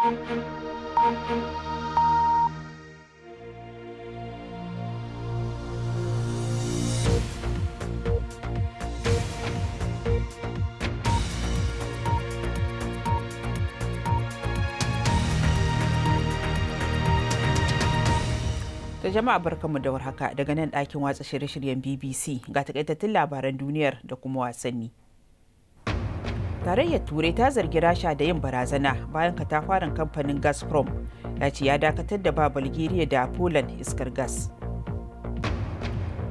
ta jama'a barkanmu da warhaka daga nan ɗakin watsa shirye-shiryen bbc ga takaitattun labaran duniyar da kuma wasanni tarayyar turai ta zargi rasha da yin barazana bayan katafaren kamfanin gazprom ya ce ya dakatar da ba bulgaria da poland iskar gas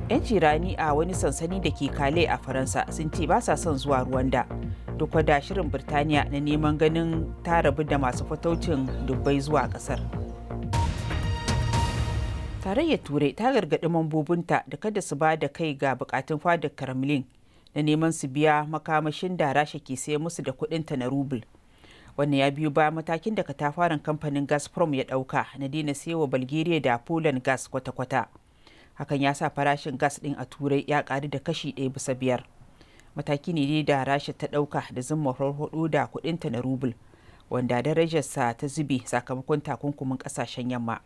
yan jirani a wani sansani da ke kale a faransa sun ce ba sa son zuwa rwanda duk da shirin birtaniya na neman ganin ta rabu da masu fataucin dubbai zuwa kasar tarayyar turai ta gargaɗi mambobinta da kada su ba da kai ga bukatun fadar kremlin na neman su biya makamashin da rasha ke sai musu da kudinta na rubul wannan ya biyu ba matakin da katafaren kamfanin gasprom ya dauka na daina wa bulgaria da poland gas kwata-kwata hakan ya sa farashin gas ɗin a turai ya karu da kashi ɗaya bisa biyar mataki ne dai da rasha ta dauka da zuma hudu da kudinta na rubul wanda darajarsa ta zube sakamakon takunkumin kasashen yamma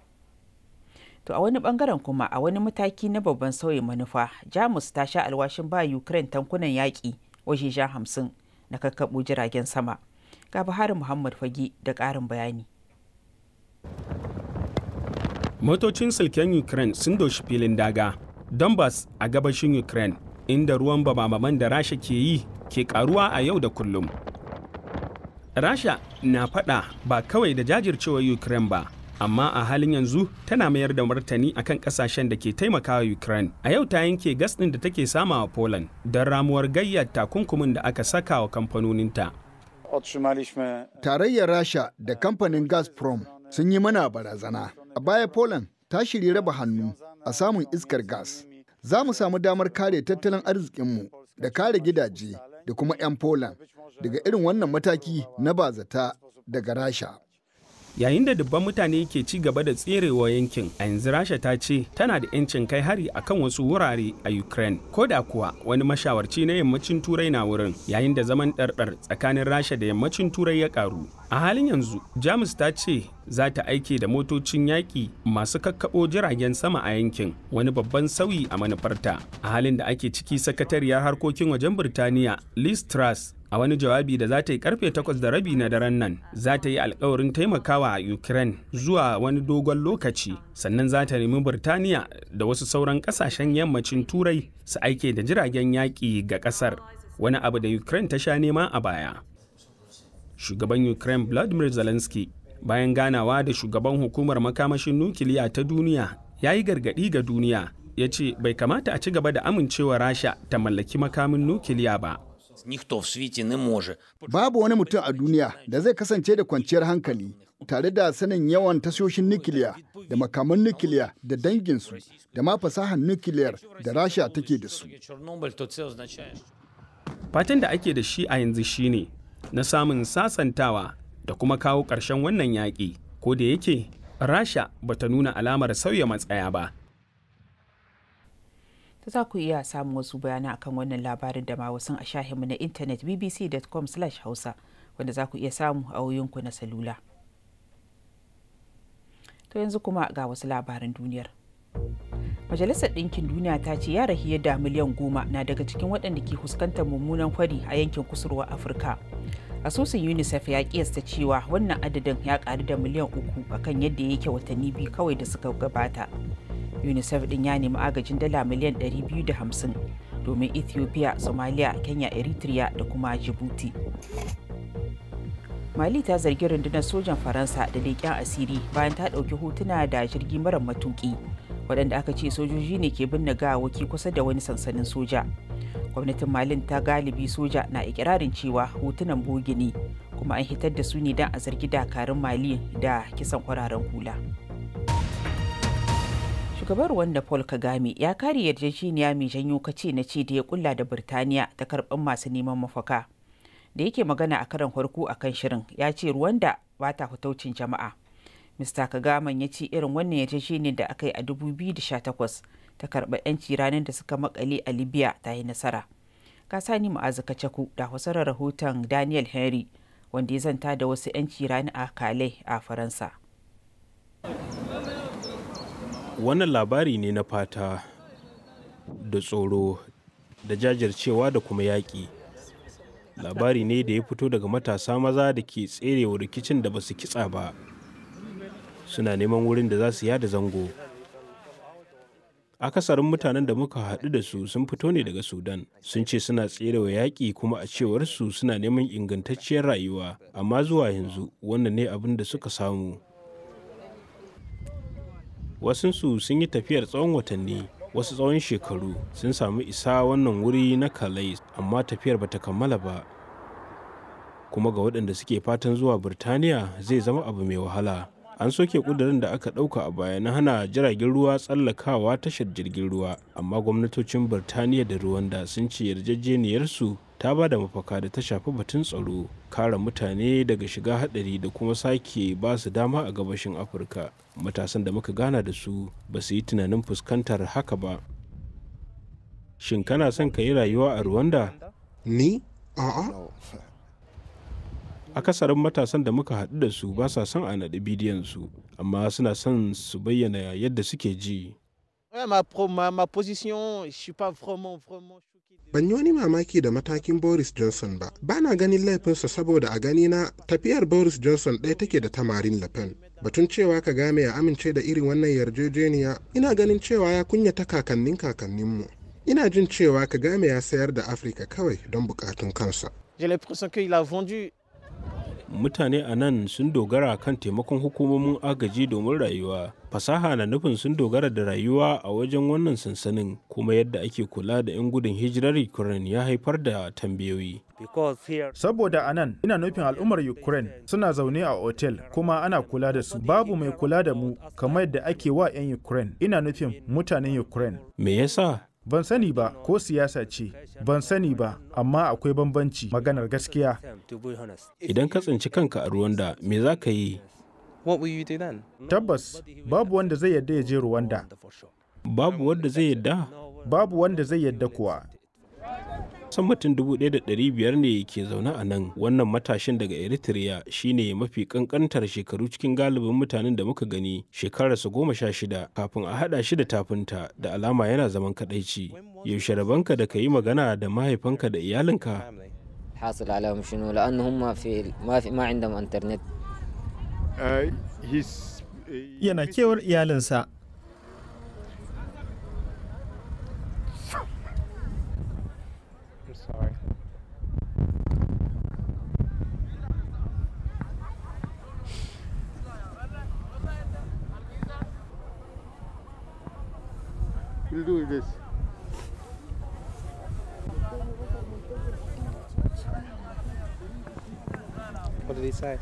To a wani bangaren kuma a wani mataki na babban sauyi manufa Jamus ta sha alwashin ba Ukraine tankunan yaƙi wajejen hamsin na kakkaɓo jiragen sama. Ga Buhari Muhammad fagi da ƙarin bayani. Motocin silken Ukraine sun doshi filin daga Donbass a gabashin Ukraine inda ruwan bamamaman da Rasha ke yi ke karuwa a yau da kullum. Rasha na faɗa ba kawai da jajircewar Ukraine ba, amma a halin yanzu tana mayar da martani akan kasashen da ke taimakawa ukraine a yau ta yanke gas ɗin da take sama a poland don ramuwar gayyar takunkumin da aka saka wa kamfanoninta tarayyar rasha da kamfanin gazprom sun yi mana barazana a baya poland ta shirya raba hannu a samun iskar gas za mu samu damar kare tattalin arzikinmu da kare gidaje da kuma 'yan poland daga irin wannan mataki na bazata daga rasha yayin da dubban mutane ke ci gaba da tserewa yankin a yanzu rasha ta ce tana da 'yancin kai hari akan wasu wurare a ukraine ko da kuwa wani mashawarci na yammacin turai na wurin yayin da zaman ɗarɗar tsakanin rasha da yammacin turai ya karu a halin yanzu jamus ta ce za ta aike da motocin yaƙi masu kakkaɓo jiragen sama a yankin wani babban sauyi a manufarta a halin da ake ciki sakatariyar harkokin wajen birtaniya liz truss a wani jawabi da za ta yi karfe 8 da rabi na daren nan za ta yi alkawarin taimakawa a ukraine zuwa wani dogon lokaci sannan za ta nemi birtaniya da wasu sauran kasashen yammacin turai su aike da jiragen yaƙi ga ƙasar wani abu da ukraine ta sha nema a baya shugaban ukraine vladimir zelensky bayan ganawa da shugaban hukumar makamashin nukiliya ta duniya ya yi gargaɗi ga duniya ya ce bai kamata a ci gaba da amincewa rasha ta mallaki makamin nukiliya ba Ніхто Babu wani mutum a duniya da zai kasance da kwanciyar hankali tare da sanin yawan tasoshin nukiliya da makaman nukiliya da danginsu da ma fasahar nukiliyar da Rasha take da su. Fatan da ake da shi a yanzu shine na samun sasantawa da kuma kawo ƙarshen wannan yaƙi, ko da yake Rasha bata nuna alamar sauya matsaya ba. ta za ku iya samun wasu bayanan akan wannan labarin da ma wasu a shahinmu na intanet bbc.com hausa wanda za ku iya samu a wuyinku na salula to yanzu kuma ga wasu labarin duniyar majalisar ɗinkin duniya ta ce yara fiye da miliyan goma na daga cikin waɗanda ke fuskantar mummunan kwari a yankin kusurwa afirka asusun unicef ya kiyasta cewa wannan adadin ya ƙaru da miliyan uku akan yadda yake watanni biyu kawai da suka gabata unicef din ya nemi agajin dala miliyan 250 domin ethiopia somalia kenya eritrea da kuma djibouti mali ta zargi rundunar sojan faransa da leƙen asiri bayan ta ɗauki hotuna da jirgi mara matuƙi waɗanda aka ce sojoji ne ke binne gawaki kusa da wani sansanin soja gwamnatin malin ta galibi soja na ikirarin cewa hotunan bogi ne kuma an hitar da su ne don a zargi dakarun mali da kisan kwararen hula. shugabar wanda paul kagame ya kare yarjejeniya mai janyo kace na ce da ya kulla da birtaniya ta karɓar masu neman mafaka da yake magana a karan farko a kan shirin ya ce ruwanda ba ta hutaucin jama'a mr kagame ya ce irin wannan yarjejeniyar da aka yi a 2018 ta karɓar 'yanci ranar da suka makale a libya ta yi nasara ka sani ma'azu kacaku da hausarar rahoton daniel henry wanda ya zanta da wasu 'yanci rani a kale a faransa wannan labari ne na fata da tsoro da jajircewa da kuma yaƙi labari ne da ya fito daga matasa maza da ke tserewa rikicin da ba su kitsa ba suna neman wurin da za su yada zango akasarin mutanen da muka haɗu da su sun fito ne daga sudan sun ce suna tserewa yaƙi kuma a cewar su suna neman ingantacciyar rayuwa amma zuwa yanzu wannan ne abin da suka samu wasunsu sun yi tafiyar tsawon watanni wasu tsawon shekaru sun samu isa wannan wuri na kalai amma tafiyar bata kammala ba kuma ga waɗanda suke fatan zuwa birtaniya zai zama abu mai wahala an soke kudurin da aka ɗauka a baya na hana jiragen ruwa tsallakawa tashar jirgin ruwa amma gwamnatocin birtaniya da ruwanda sun ce yarjejeniyarsu ta ba da mafaka da ta shafi batun tsaro kare mutane daga shiga hadari da kuma sake ba su dama a gabashin afirka matasan da muka gana da su ba su yi tunanin fuskantar haka ba shin kana son ka yi rayuwa a rwanda ni a'a akasarin matasan da muka haɗu da su ba sa son a naɗi bidiyon su amma suna son su bayyana yadda suke ji ma, ban yi wani mamaki da matakin boris johnson ba ba na ganin laifinsa saboda a gani na tafiyar boris johnson ɗaya take da tamarin le pen batun cewa ka game ya amince da irin wannan yarjejeniya ina ganin cewa ya kunyata kakannin kakanninmu ina jin cewa ka game ya sayar da afirka kawai don bukatun kansa J'ai mutane a nan sun dogara kan taimakon hukumomin agaji domin rayuwa fasaha na nufin sun dogara da rayuwa a wajen wannan sansanin kuma yadda ake kula da 'yan gudun hijirar ukraine ya haifar da tambayoyi saboda a nan ina nufin al'ummar ukraine suna zaune a otel kuma ana kula da su babu mai kula da mu kamar yadda ake wa 'yan ukraine ina nufin mutanen ukraine me yasa Ban sani ba ko siyasa ce, ban sani ba, amma akwai bambanci maganar gaskiya. Idan ka tsinci kanka a ruwanda me za ka yi? Tabbas, babu wanda zai yadda ya je ruwanda Babu wanda zai yadda? Babu wanda zai yadda kuwa. kusan mutum dubu da biyar ne ke zaune a nan wannan matashin daga eritrea shine mafi kankantar shekaru cikin galibin mutanen da muka gani shekararsa goma sha shida kafin a haɗa shi da tafinta da alama yana zaman kadaici yaushe rabanka da ka yi magana da mahaifanka da iyalinka حاصل شنو لانهم ما في ما في ما عندهم انترنت uh, uh, yana kewar iyalinsa will do this. What did he say?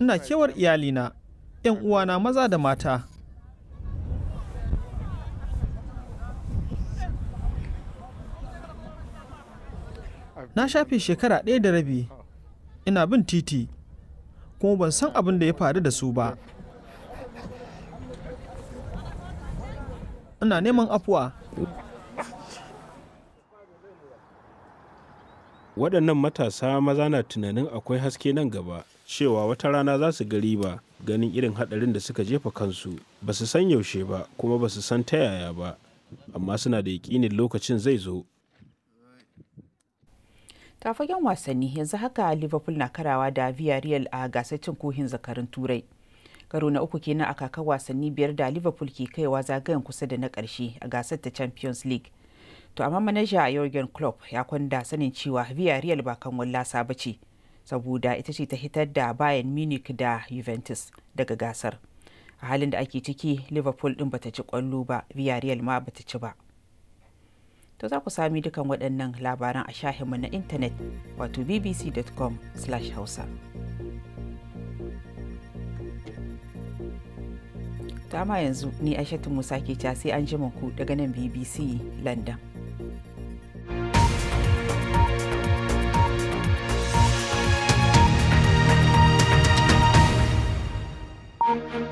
Ina kewar iyalina, ‘yan uwana maza da mata. Na shafe shekara ɗaya da rabi, ina bin titi. kuma ban san abin da ya faru da su ba ina neman afuwa waɗannan matasa maza na tunanin akwai haske nan gaba cewa wata rana za su gari ba ganin irin haɗarin da suka jefa kansu ba su san yaushe ba kuma ba su san ta yaya ba amma suna da yaƙinin lokacin zai zo ta fagen wasanni yanzu haka liverpool na karawa da villarreal a gasar cin kohin zakarin turai karo na uku kenan a kakar wasanni biyar da liverpool ke kaiwa zagayen kusa da na karshe a gasar ta champions league to amma manaja jurgen klopp ya kwanda sanin cewa villarreal ba kan wallasa ba ce saboda ita ce ta hitar da bayan munich da juventus daga gasar a halin da ake ciki liverpool din bata ci kwallo ba villarreal ma bata ci ba to za ku sami dukan waɗannan labaran a shahinmu na intanet wato bbc.com/hausa. Tama yanzu ni Aishatu Musa ke sai an jima ku daga nan BBC London. thank you